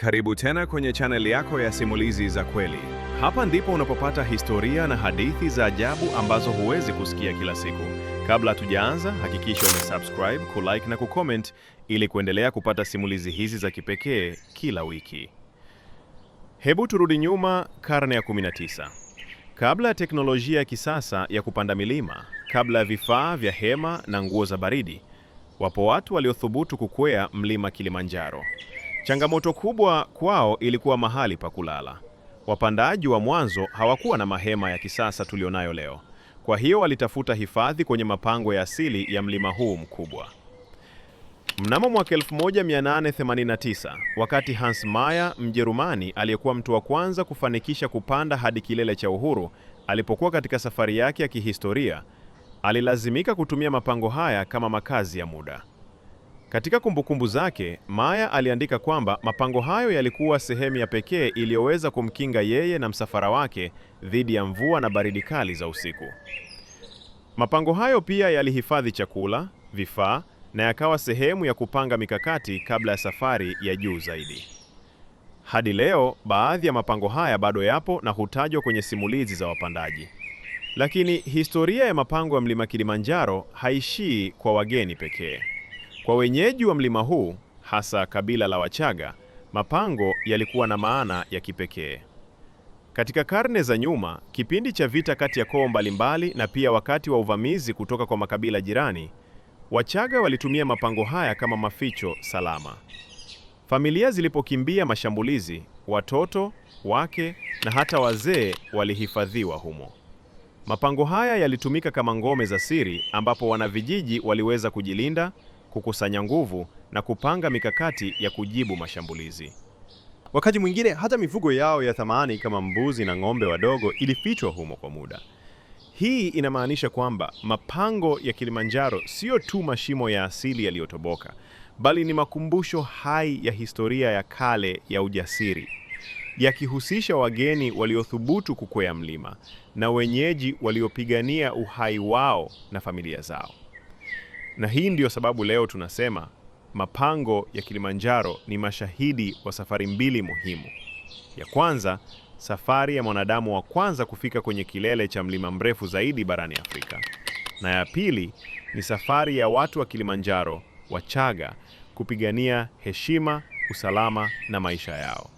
Karibu tena kwenye chaneli yako ya simulizi za kweli. Hapa ndipo unapopata historia na hadithi za ajabu ambazo huwezi kusikia kila siku. Kabla hatujaanza, hakikisha umesubscribe, kulike na kucomment ili kuendelea kupata simulizi hizi za kipekee kila wiki. Hebu turudi nyuma karne ya 19. Kabla ya teknolojia ya kisasa ya kupanda milima, kabla ya vifaa vya hema na nguo za baridi, wapo watu waliothubutu kukwea mlima Kilimanjaro. Changamoto kubwa kwao ilikuwa mahali pa kulala. Wapandaji wa mwanzo hawakuwa na mahema ya kisasa tulionayo leo, kwa hiyo walitafuta hifadhi kwenye mapango ya asili ya mlima huu mkubwa. Mnamo mwaka 1889 wakati Hans Meyer Mjerumani aliyekuwa mtu wa kwanza kufanikisha kupanda hadi kilele cha Uhuru alipokuwa katika safari yake ya kihistoria, alilazimika kutumia mapango haya kama makazi ya muda. Katika kumbukumbu zake, Maya aliandika kwamba mapango hayo yalikuwa sehemu ya pekee iliyoweza kumkinga yeye na msafara wake dhidi ya mvua na baridi kali za usiku. Mapango hayo pia yalihifadhi chakula, vifaa na yakawa sehemu ya kupanga mikakati kabla ya safari ya juu zaidi. Hadi leo, baadhi ya mapango haya bado yapo na hutajwa kwenye simulizi za wapandaji. Lakini historia ya mapango ya Mlima Kilimanjaro haishii kwa wageni pekee. Kwa wenyeji wa mlima huu, hasa kabila la Wachaga, mapango yalikuwa na maana ya kipekee. Katika karne za nyuma, kipindi cha vita kati ya koo mbalimbali na pia wakati wa uvamizi kutoka kwa makabila jirani, Wachaga walitumia mapango haya kama maficho salama. Familia zilipokimbia mashambulizi, watoto, wake na hata wazee walihifadhiwa humo. Mapango haya yalitumika kama ngome za siri ambapo wanavijiji waliweza kujilinda kukusanya nguvu na kupanga mikakati ya kujibu mashambulizi. Wakati mwingine hata mifugo yao ya thamani kama mbuzi na ng'ombe wadogo ilifichwa humo kwa muda. Hii inamaanisha kwamba mapango ya Kilimanjaro siyo tu mashimo ya asili yaliyotoboka, bali ni makumbusho hai ya historia ya kale ya ujasiri, yakihusisha wageni waliothubutu kukwea mlima na wenyeji waliopigania uhai wao na familia zao. Na hii ndiyo sababu leo tunasema mapango ya Kilimanjaro ni mashahidi wa safari mbili muhimu. Ya kwanza, safari ya mwanadamu wa kwanza kufika kwenye kilele cha mlima mrefu zaidi barani Afrika, na ya pili ni safari ya watu wa Kilimanjaro Wachaga kupigania heshima, usalama na maisha yao.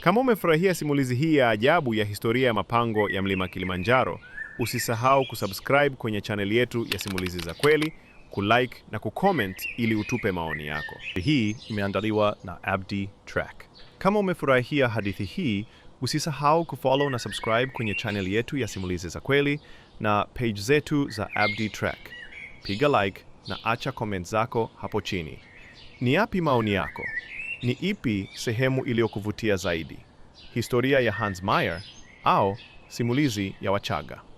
Kama umefurahia simulizi hii ya ajabu ya historia ya mapango ya mlima Kilimanjaro, Usisahau kusubscribe kwenye channel yetu ya Simulizi za Kweli, kulike na kucomment ili utupe maoni yako. Hii imeandaliwa na Abdi Track. Kama umefurahia hadithi hii, usisahau kufollow na subscribe kwenye channel yetu ya Simulizi za Kweli na page zetu za Abdi Track. Piga like na acha comment zako hapo chini. Ni yapi maoni yako? Ni ipi sehemu iliyokuvutia zaidi, historia ya Hans Meyer au simulizi ya Wachaga?